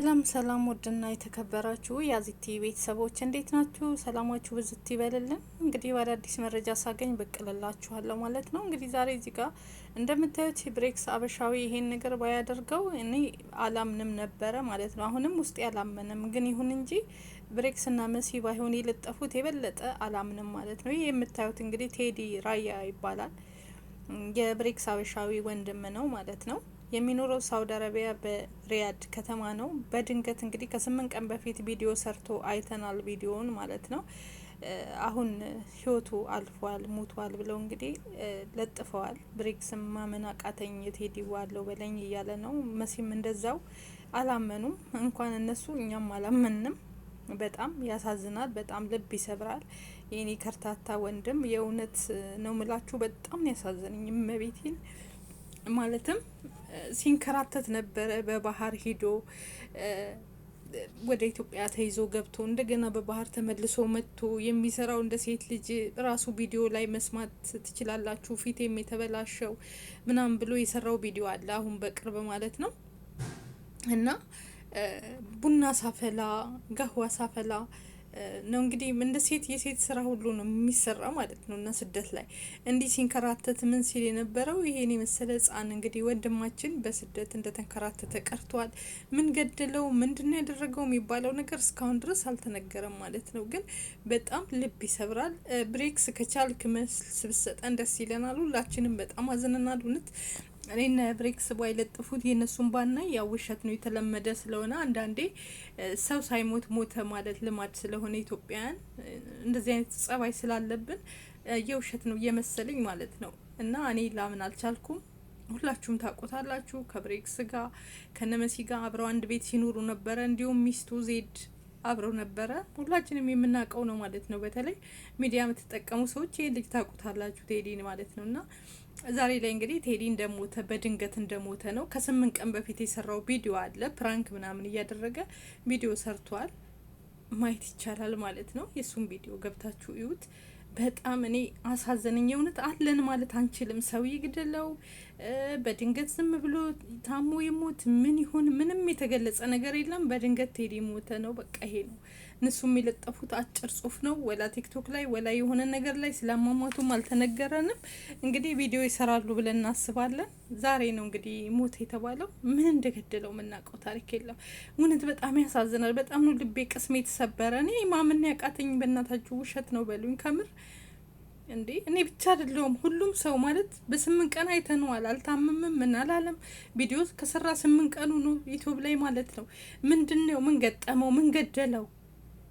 ሰላም ሰላም ውድና የተከበራችሁ የአዚቲ ቤተሰቦች እንዴት ናችሁ? ሰላማችሁ ብዝት ይበልልን። እንግዲህ በአዳዲስ መረጃ ሳገኝ ብቅ ማለት ነው። እንግዲህ ዛሬ እዚህ ጋር እንደምታዩት ብሬክስ አበሻዊ ይሄን ነገር ባያደርገው እኔ አላምንም ነበረ ማለት ነው። አሁንም ውስጤ አላመንም፣ ግን ይሁን እንጂ ብሬክስና መሲ ባይሆን የለጠፉት የበለጠ አላምንም ማለት ነው። ይህ የምታዩት እንግዲህ ቴዲ ራያ ይባላል። የብሬክስ አበሻዊ ወንድም ነው ማለት ነው። የሚኖረው ሳውዲ አረቢያ በሪያድ ከተማ ነው። በድንገት እንግዲህ ከስምንት ቀን በፊት ቪዲዮ ሰርቶ አይተናል፣ ቪዲዮውን ማለት ነው። አሁን ህይወቱ አልፏል፣ ሞቷል ብለው እንግዲህ ለጥፈዋል። ብሬክስም ማመን አቃተኝ፣ የቴዲ ዋለው በለኝ እያለ ነው። መሲም እንደዛው አላመኑም። እንኳን እነሱ እኛም አላመንም። በጣም ያሳዝናል። በጣም ልብ ይሰብራል። የኔ ከርታታ ወንድም የእውነት ነው ምላችሁ፣ በጣም ያሳዝንኝ እመቤቴን ማለትም ሲንከራተት ነበረ። በባህር ሂዶ ወደ ኢትዮጵያ ተይዞ ገብቶ እንደገና በባህር ተመልሶ መጥቶ የሚሰራው እንደ ሴት ልጅ ራሱ ቪዲዮ ላይ መስማት ትችላላችሁ። ፊቴም የተበላሸው ምናምን ብሎ የሰራው ቪዲዮ አለ፣ አሁን በቅርብ ማለት ነው እና ቡና ሳፈላ፣ ጋህዋ ሳፈላ ነው እንግዲህ እንደ ሴት የሴት ስራ ሁሉ ነው የሚሰራ ማለት ነው። እና ስደት ላይ እንዲህ ሲንከራተት ምን ሲል የነበረው ይሄን የመሰለ ህጻን እንግዲህ ወንድማችን በስደት እንደተንከራተተ ቀርቷል። ምን ገደለው፣ ምንድን ያደረገው የሚባለው ነገር እስካሁን ድረስ አልተነገረም ማለት ነው። ግን በጣም ልብ ይሰብራል። ብሬክስ ከቻልክ መልስ ብሰጠን ደስ ይለናል። ሁላችንም በጣም አዝነናል። እውነት እኔን ብሬክስ ባይ ለጥፉት የእነሱን ባና ያው ውሸት ነው የተለመደ ስለሆነ አንዳንዴ ሰው ሳይሞት ሞተ ማለት ልማድ ስለሆነ ኢትዮጵያውያን እንደዚህ አይነት ጸባይ ስላለብን የውሸት ነው እየመሰለኝ ማለት ነው። እና እኔ ላምን አልቻልኩም። ሁላችሁም ታውቁታላችሁ። ከብሬክስ ጋር ከነመሲ ጋር አብረው አንድ ቤት ሲኖሩ ነበረ። እንዲሁም ሚስቱ ዜድ አብረው ነበረ። ሁላችንም የምናውቀው ነው ማለት ነው። በተለይ ሚዲያ የምትጠቀሙ ሰዎች ይህን ልጅ ታውቁታላችሁ፣ ቴዲን ማለት ነው። እና ዛሬ ላይ እንግዲህ ቴዲ እንደሞተ በድንገት እንደሞተ ነው። ከስምንት ቀን በፊት የሰራው ቪዲዮ አለ። ፕራንክ ምናምን እያደረገ ቪዲዮ ሰርቷል። ማየት ይቻላል ማለት ነው። የእሱን ቪዲዮ ገብታችሁ እዩት። በጣም እኔ አሳዘነኝ። የእውነት አለን ማለት አንችልም። ሰው ይግደለው፣ በድንገት ዝም ብሎ ታሞ ይሞት፣ ምን ይሁን ምንም የተገለጸ ነገር የለም። በድንገት ቴዲ ሞተ ነው በቃ ይሄ ነው። እነሱ የሚለጠፉት አጭር ጽሁፍ ነው። ወላ ቲክቶክ ላይ ወላ የሆነ ነገር ላይ ስለማሟቱም አልተነገረንም። እንግዲህ ቪዲዮ ይሰራሉ ብለን እናስባለን። ዛሬ ነው እንግዲህ ሞት የተባለው። ምን እንደገደለው የምናውቀው ታሪክ የለም። እውነት በጣም ያሳዝናል። በጣም ነው ልቤ ቅስሜ የተሰበረ። እኔ ማምን ያቃተኝ በእናታችሁ ውሸት ነው በሉኝ ከምር እንዴ እኔ ብቻ አይደለሁም። ሁሉም ሰው ማለት በስምንት ቀን አይተነዋል። አልታምምም ምን አላለም። ቪዲዮ ከሰራ ስምንት ቀኑ ነው ዩቱብ ላይ ማለት ነው። ምንድን ነው ምን ገጠመው? ምን ገደለው?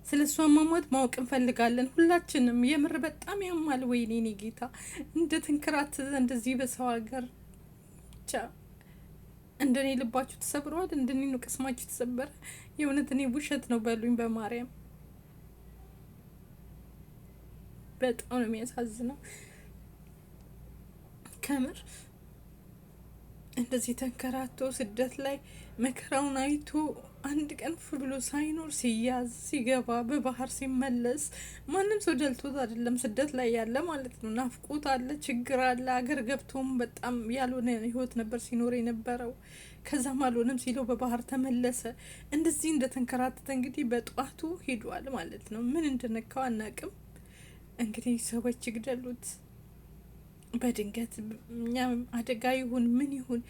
ስለ እሷ ማወቅ እንፈልጋለን ሁላችንም። የምር በጣም ያማል። ወይኔ እኔ ጌታ እንደ ትንክራትዘ እንደዚህ በሰው ሀገር ብቻ እንደኔ ልባችሁ ተሰብረዋል። እንደኔ ነው ቅስማችሁ ተሰበረ። የእውነት እኔ ውሸት ነው በሉኝ በማርያም በጣም ነው የሚያሳዝነው። ከምር እንደዚህ ተንከራቶ ስደት ላይ መከራውን አይቶ አንድ ቀን ፍ ብሎ ሳይኖር ሲያዝ ሲገባ በባህር ሲመለስ ማንም ሰው ደልቶት አይደለም። ስደት ላይ ያለ ማለት ነው። ናፍቆት አለ፣ ችግር አለ። አገር ገብቶም በጣም ያልሆነ ህይወት ነበር ሲኖር የነበረው። ከዛም አልሆነም ሲለው በባህር ተመለሰ። እንደዚህ እንደተንከራተተ እንግዲህ በጧቱ ሄዷል ማለት ነው። ምን እንደነካው አናቅም። እንግዲህ ሰዎች ይግደሉት። በድንገት እኛ አደጋ ይሁን ምን ይሁን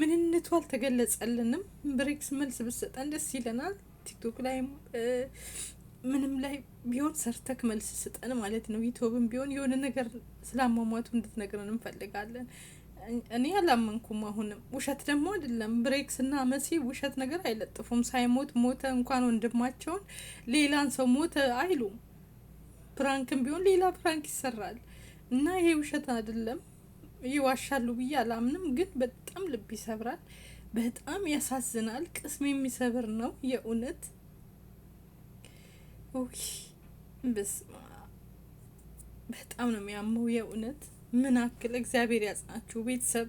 ምንነቱ አልተገለጸልንም። ብሬክስ መልስ ብሰጠን ደስ ይለናል። ቲክቶክ ላይ ምንም ላይ ቢሆን ሰርተክ መልስ ስጠን ማለት ነው። ዩቲዩብም ቢሆን የሆነ ነገር ስላሟሟቱ እንድትነግረን እንፈልጋለን። እኔ አላመንኩም። አሁንም ውሸት ደግሞ አይደለም። ብሬክስ እና መሲ ውሸት ነገር አይለጥፉም። ሳይሞት ሞተ እንኳን ወንድማቸውን ሌላን ሰው ሞተ አይሉም። ፕራንክም ቢሆን ሌላ ፕራንክ ይሰራል። እና ይሄ ውሸት አይደለም፣ ይዋሻሉ ብዬ አላምንም፣ ግን በጣም ልብ ይሰብራል፣ በጣም ያሳዝናል፣ ቅስም የሚሰብር ነው የእውነት በስማ በጣም ነው የሚያመው የእውነት ምን አክል እግዚአብሔር ያጽናችሁ ቤተሰብ፣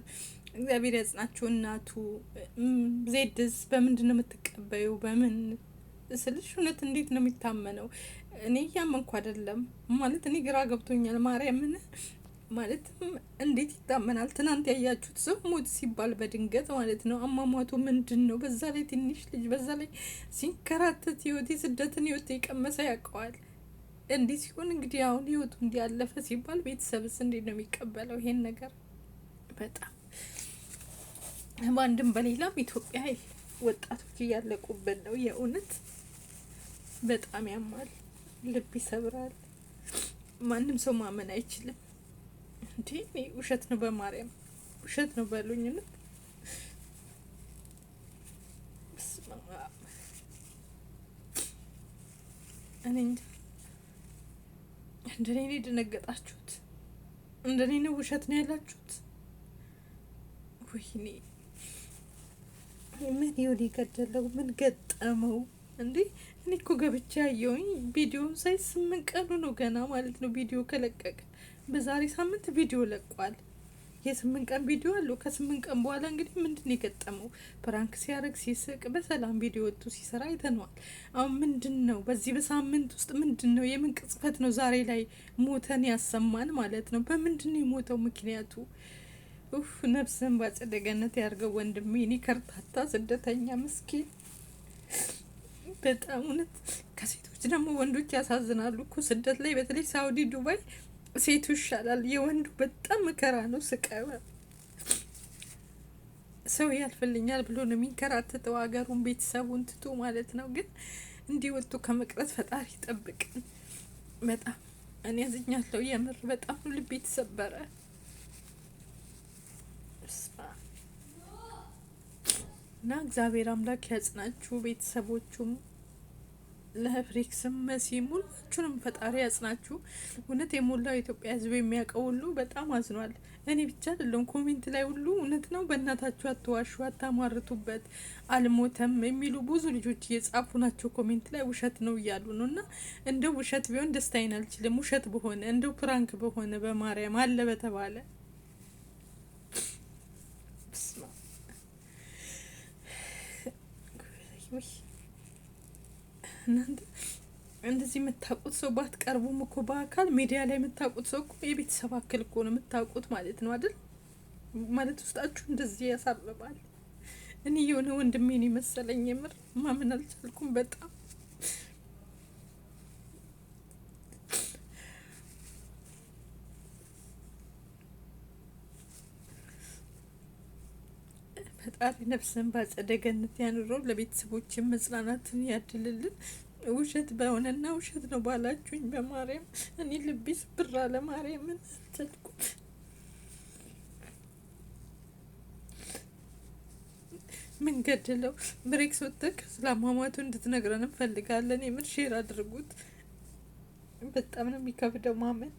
እግዚአብሔር ያጽናችሁ እናቱ። ዜድስ በምንድን ነው የምትቀበዩ? በምን ስልሽ እውነት እንዴት ነው የሚታመነው? እኔ እያመንኩ አይደለም ማለት እኔ ግራ ገብቶኛል። ማርያምን ማለት እንዴት ይታመናል? ትናንት ያያችሁት ሰው ሞት ሲባል በድንገት ማለት ነው። አሟሟቱ ምንድን ነው? በዛ ላይ ትንሽ ልጅ በዛ ላይ ሲንከራተት ህይወት ስደትን ህይወት የቀመሰ ያውቀዋል። እንዲህ ሲሆን እንግዲህ አሁን ህይወቱ እንዲያለፈ ሲባል ቤተሰብስ እንዴት ነው የሚቀበለው ይሄን ነገር? በጣም በአንድም በሌላም ኢትዮጵያ ወጣቶች እያለቁበት ነው። የእውነት በጣም ያማል። ልብ ይሰብራል። ማንም ሰው ማመን አይችልም። እንዴ ውሸት ነው፣ በማርያም ውሸት ነው በሉኝ እንደኔ ነው የደነገጣችሁት? እንደኔ ነው ውሸት ነው ያላችሁት? ወይኔ ምን ይሁን የገደለው? ምን ገጠመው? እንዴ እኔ እኮ ገብቻ ያየውኝ ቪዲዮን ሳይ ስምንት ቀኑ ነው ገና ማለት ነው። ቪዲዮ ከለቀቀ በዛሬ ሳምንት ቪዲዮ ለቋል። የስምንት ቀን ቪዲዮ አለው። ከስምንት ቀን በኋላ እንግዲህ ምንድን የገጠመው? ፕራንክ ሲያደርግ ሲስቅ፣ በሰላም ቪዲዮ ወጥቶ ሲሰራ አይተነዋል። አሁን ምንድን ነው በዚህ በሳምንት ውስጥ ምንድን ነው የምን ቅጽበት ነው ዛሬ ላይ ሞተን ያሰማን ማለት ነው? በምንድን ነው የሞተው ምክንያቱ? ኡፍ ነፍስን ባጸደ ገነት ያርገው ወንድሜ። እኔ ከርታታ ስደተኛ ምስኪን በጣም እውነት ከሴቶች ደግሞ ወንዶች ያሳዝናሉ እኮ ስደት ላይ በተለይ ሳውዲ፣ ዱባይ ሴቱ ይሻላል። የወንዱ በጣም መከራ ነው፣ ስቃይ ሰው ያልፍልኛል ብሎ ነው የሚንከራተተው ሀገሩን ቤተሰቡን ትቶ ማለት ነው። ግን እንዲህ ወጥቶ ከመቅረት ፈጣሪ ይጠብቅን። በጣም እኔ ያዝኛለሁ፣ የምር በጣም ልቤ ተሰበረ። እና እግዚአብሔር አምላክ ያጽናችሁ ቤተሰቦቹም ለፍሪክስም መሲም ሁላችሁንም ፈጣሪ ያጽናችሁ። እውነት የሞላው ኢትዮጵያ ሕዝብ የሚያውቀው ሁሉ በጣም አዝኗል። እኔ ብቻ አይደለም፣ ኮሜንት ላይ ሁሉ እውነት ነው፣ በእናታችሁ አትዋሹ፣ አታማርቱበት አልሞተም የሚሉ ብዙ ልጆች እየጻፉ ናቸው። ኮሜንት ላይ ውሸት ነው እያሉ ነው። እና እንደው ውሸት ቢሆን ደስታዬን አልችልም። ውሸት በሆነ እንደው ፕራንክ በሆነ በማርያም አለ በተባለ እናንተ እንደዚህ የምታውቁት ሰው ባትቀርቡም እኮ በአካል ሚዲያ ላይ የምታውቁት ሰው እኮ የቤተሰብ አክል እኮ ነው የምታውቁት ማለት ነው አይደል? ማለት ውስጣችሁ እንደዚህ ያሳብባል። እኔ የሆነ ወንድሜን የመሰለኝ የምር ማመን አልቻልኩም በጣም ፈጣሪ ነፍስን ባጸደ ገነት ያኑረው፣ ለቤተሰቦችን መጽናናትን ያድልልን። ውሸት በሆነና ውሸት ነው ባላችሁኝ በማርያም እኔ ልቤስ ብራ ለማርያምን አልቻልኩም። ምን ገድለው ብሬክስ ወጥተህ እንድትነግረን እንፈልጋለን። የምር ሼር አድርጉት። በጣም ነው የሚከብደው ማመን